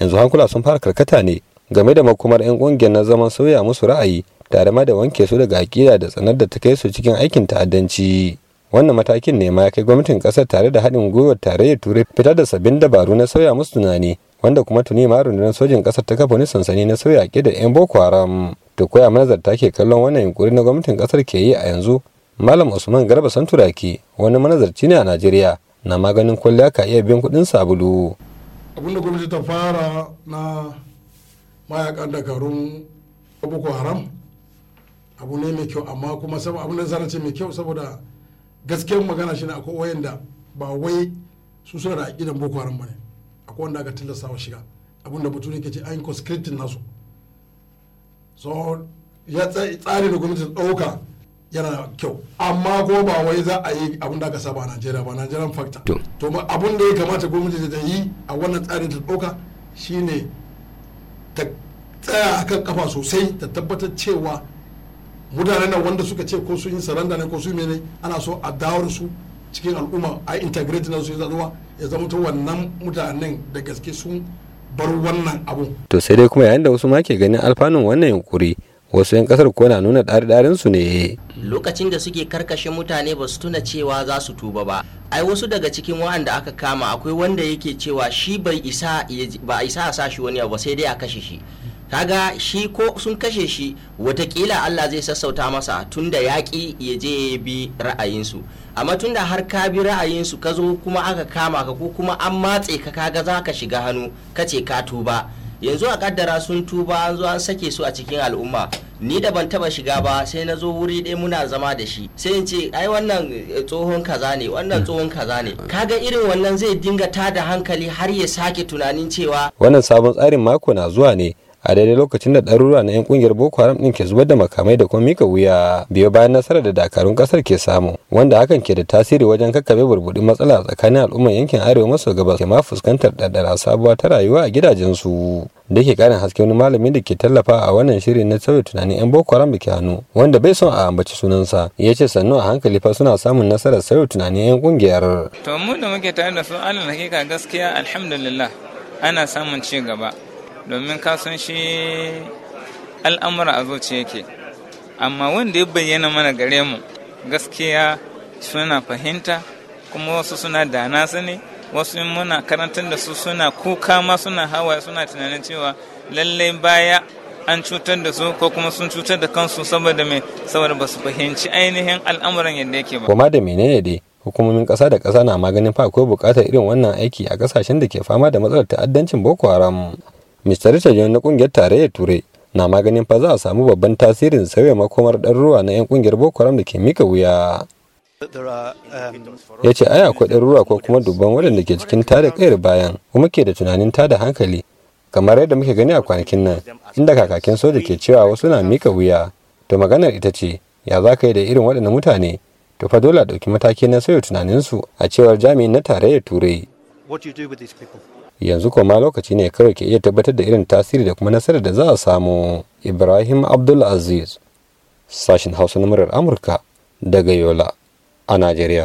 yanzu hankula sun fara karkata ne game da makomar 'yan ƙungiyar na zaman sauya musu ra'ayi tare ma da wanke su daga aƙida da tsanar da ta kai su cikin aikin ta'addanci wannan matakin ne ma ya kai gwamnatin ƙasar tare da haɗin gwiwar tarayyar turai fitar da sabbin dabaru na sauya musu tunani wanda kuma tuni ma rundunar sojin ƙasar ta kafa wani sansani na sauya aƙida 'yan boko haram to koya manazarta ke kallon wannan yunkuri na gwamnatin ƙasar ke yi a yanzu malam usman garba santuraki wani manazarci ne a najeriya na maganin kwalliya ka iya biyan kuɗin sabulu abinda gwamnati ta fara na mayakan dakarun boko haram abu ne mai kyau amma kuma abin da zarace mai kyau saboda gaskiyar magana shi ne akwai wayanda ba wai su suna da aƙidan boko haram ba ne akwai wanda aka tilasta wa shiga abin da mutum ke ce an conscripting nasu so ya tsari da gwamnati ta ɗauka yana kyau amma ko ba wai za a yi abin da aka saba a najeriya ba nigerian factor to abin da ya kamata gwamnati ta yi a wannan tsarin ta ɗauka shine ta tsaya a kan kafa sosai ta tabbatar cewa mutanen nan wanda suka ce ko su yin saranda ne ko su mene ana so a dawar su cikin al'umma a integrate na su ya zama ya zama ta wannan mutanen da gaske sun bar wannan abu to sai dai kuma yayin da wasu ma ke ganin alfanun wannan yunkuri wasu 'yan kasar ko na nuna ɗari su ne lokacin da suke karkashe mutane ba su tuna cewa za su tuba ba ai wasu daga cikin wa'anda aka kama akwai wanda yake cewa shi bai isa ba isa a sa shi wani abu sai dai a kashe shi kaga shi ko sun kashe shi watakila Allah zai sassauta masa tunda yaƙi ya je ya bi ra'ayinsu amma tunda har ka bi ra'ayinsu ka zo kuma aka kama ka ko kuma an matse ka kaga za ka shiga hannu ka ce ka tuba yanzu a kaddara sun tuba an zo an sake su a cikin al'umma ni da ban taba shiga ba sai na zo wuri ɗaya muna zama da shi sai in ce ai wannan eh, tsohon kaza ne wannan hmm. tsohon kaza ne kaga irin wannan zai dinga tada hankali har ya sake tunanin cewa wannan sabon tsarin mako na zuwa ne a daidai lokacin da ɗaruruwa na 'yan kungiyar boko haram ɗin ke zubar da makamai da kuma mika wuya biyo bayan nasarar da dakarun kasar ke samu wanda hakan ke da tasiri wajen kakkabe burbuɗin matsala tsakanin al'umman yankin arewa maso gabas ke ma fuskantar ɗaɗɗara sabuwa ta rayuwa a gidajensu da ke ƙarin haske wani malami da ke tallafa a wannan shirin na sauya tunanin 'yan boko haram da ke hannu wanda bai son a ambaci sunansa ya ce sannu a hankali fa suna samun nasarar sauya tunanin 'yan kungiyar. to mu da muke tare da su alal hakika gaskiya alhamdulillah ana samun ci gaba domin kasan shi al'amura a zuciya yake amma wanda ya bayyana mana gare mu gaskiya suna fahimta kuma wasu suna dana ne wasu muna karantar da su suna kuka ma suna hawa suna tunanin cewa lallai baya an cutar da su ko kuma sun cutar da kansu saboda mai saboda ba su fahimci ainihin al'amuran yadda yake ba. Kuma da menene dai hukumomin ƙasa da ƙasa na maganin fa akwai buƙatar irin wannan aiki a ƙasashen da ke fama da matsalar ta'addancin Boko Haram. mr richard na kungiyar tarayyar turai na maganin fa za a samu babban tasirin sauya makomar ruwa na 'yan kungiyar boko haram da ke mika wuya ya ce ai akwai ruwa ko kuma dubban wadanda ke cikin tada kayar bayan kuma ke da tunanin tada hankali kamar yadda muke gani a kwanakin nan inda kakakin soja ke cewa wasu na mika wuya to maganar ita ce ya za ka yi da irin waɗannan mutane to fa dole a ɗauki mataki na sauya tunaninsu a cewar jami'in na tarayyar turai what yanzu ma lokaci ne kawai ke iya tabbatar da irin tasiri da kuma nasarar da za a samu ibrahim abdul aziz sashin hausa na murar amurka daga yola a najeriya